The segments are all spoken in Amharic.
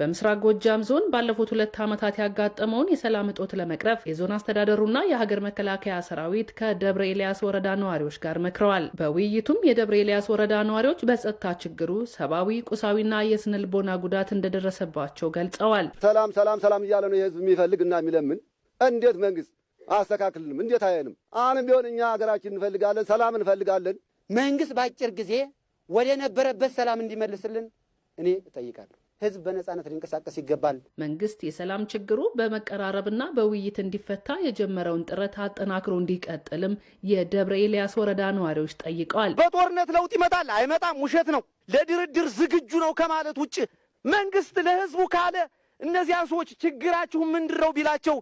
በምስራቅ ጎጃም ዞን ባለፉት ሁለት ዓመታት ያጋጠመውን የሰላም እጦት ለመቅረፍ የዞን አስተዳደሩና የሀገር መከላከያ ሰራዊት ከደብረ ኤልያስ ወረዳ ነዋሪዎች ጋር መክረዋል። በውይይቱም የደብረ ኤልያስ ወረዳ ነዋሪዎች በጸጥታ ችግሩ ሰብአዊ፣ ቁሳዊና የስነ ልቦና ጉዳት እንደደረሰባቸው ገልጸዋል። ሰላም ሰላም ሰላም እያለ ነው የህዝብ የሚፈልግ እና የሚለምን እንዴት መንግስት አስተካክልንም እንዴት አየንም። አሁንም ቢሆን እኛ ሀገራችን እንፈልጋለን፣ ሰላም እንፈልጋለን። መንግስት በአጭር ጊዜ ወደ ነበረበት ሰላም እንዲመልስልን እኔ እጠይቃለሁ። ህዝብ በነፃነት ሊንቀሳቀስ ይገባል። መንግስት የሰላም ችግሩ በመቀራረብና በውይይት እንዲፈታ የጀመረውን ጥረት አጠናክሮ እንዲቀጥልም የደብረ ኤልያስ ወረዳ ነዋሪዎች ጠይቀዋል። በጦርነት ለውጥ ይመጣል አይመጣም ውሸት ነው፣ ለድርድር ዝግጁ ነው ከማለት ውጭ መንግስት ለህዝቡ ካለ እነዚያ ሰዎች ችግራችሁ ምንድረው ቢላቸው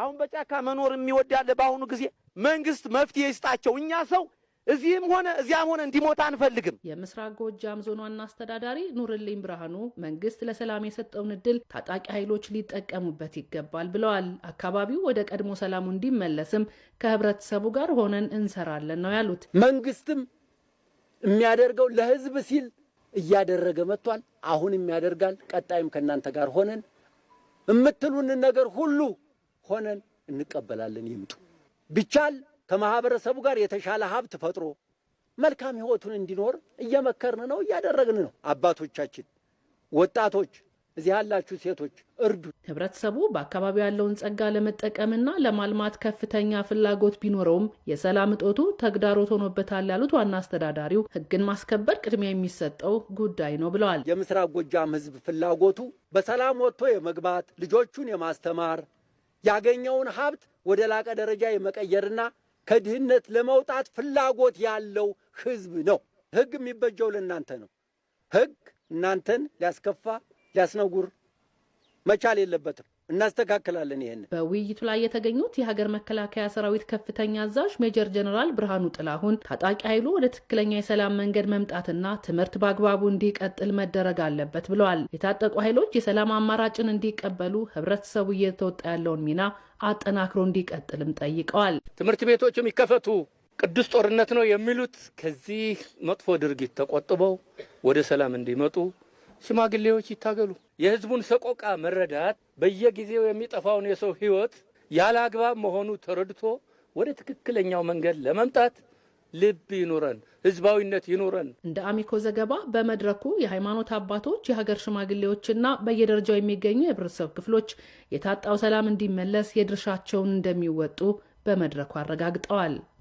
አሁን በጫካ መኖር ያለ በአሁኑ ጊዜ መንግስት መፍትሄ ይስጣቸው እኛ ሰው እዚህም ሆነ እዚያም ሆነ እንዲሞታ አንፈልግም። የምስራቅ ጎጃም ዞን ዋና አስተዳዳሪ ኑርልኝ ብርሃኑ መንግስት ለሰላም የሰጠውን እድል ታጣቂ ኃይሎች ሊጠቀሙበት ይገባል ብለዋል። አካባቢው ወደ ቀድሞ ሰላሙ እንዲመለስም ከህብረተሰቡ ጋር ሆነን እንሰራለን ነው ያሉት። መንግስትም የሚያደርገው ለህዝብ ሲል እያደረገ መጥቷል። አሁንም ያደርጋል። ቀጣይም ከእናንተ ጋር ሆነን የምትሉንን ነገር ሁሉ ሆነን እንቀበላለን። ይምጡ ቢቻል ከማህበረሰቡ ጋር የተሻለ ሀብት ፈጥሮ መልካም ህይወቱን እንዲኖር እየመከርን ነው፣ እያደረግን ነው። አባቶቻችን፣ ወጣቶች፣ እዚህ ያላችሁ ሴቶች እርዱ። ህብረተሰቡ በአካባቢው ያለውን ጸጋ ለመጠቀምና ለማልማት ከፍተኛ ፍላጎት ቢኖረውም የሰላም እጦቱ ተግዳሮት ሆኖበታል ያሉት ዋና አስተዳዳሪው ህግን ማስከበር ቅድሚያ የሚሰጠው ጉዳይ ነው ብለዋል። የምስራቅ ጎጃም ህዝብ ፍላጎቱ በሰላም ወጥቶ የመግባት ልጆቹን የማስተማር ያገኘውን ሀብት ወደ ላቀ ደረጃ የመቀየርና ከድህነት ለመውጣት ፍላጎት ያለው ህዝብ ነው። ህግ የሚበጀው ለእናንተ ነው። ህግ እናንተን ሊያስከፋ ሊያስነጉር መቻል የለበትም። እናስተካክላለን። ይህን በውይይቱ ላይ የተገኙት የሀገር መከላከያ ሰራዊት ከፍተኛ አዛዥ ሜጀር ጀነራል ብርሃኑ ጥላሁን ታጣቂ ኃይሉ ወደ ትክክለኛ የሰላም መንገድ መምጣትና ትምህርት በአግባቡ እንዲቀጥል መደረግ አለበት ብለዋል። የታጠቁ ኃይሎች የሰላም አማራጭን እንዲቀበሉ ህብረተሰቡ እየተወጣ ያለውን ሚና አጠናክሮ እንዲቀጥልም ጠይቀዋል። ትምህርት ቤቶች የሚከፈቱ ቅዱስ ጦርነት ነው የሚሉት ከዚህ መጥፎ ድርጊት ተቆጥበው ወደ ሰላም እንዲመጡ ሽማግሌዎች ይታገሉ። የህዝቡን ሰቆቃ መረዳት፣ በየጊዜው የሚጠፋውን የሰው ህይወት ያለ አግባብ መሆኑ ተረድቶ ወደ ትክክለኛው መንገድ ለመምጣት ልብ ይኑረን፣ ህዝባዊነት ይኑረን። እንደ አሚኮ ዘገባ በመድረኩ የሃይማኖት አባቶች፣ የሀገር ሽማግሌዎችና በየደረጃው የሚገኙ የህብረተሰብ ክፍሎች የታጣው ሰላም እንዲመለስ የድርሻቸውን እንደሚወጡ በመድረኩ አረጋግጠዋል።